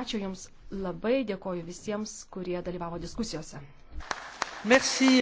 Ačiū Jums labai, dėkoju visiems, kurie dalyvavo diskusijose. Merci.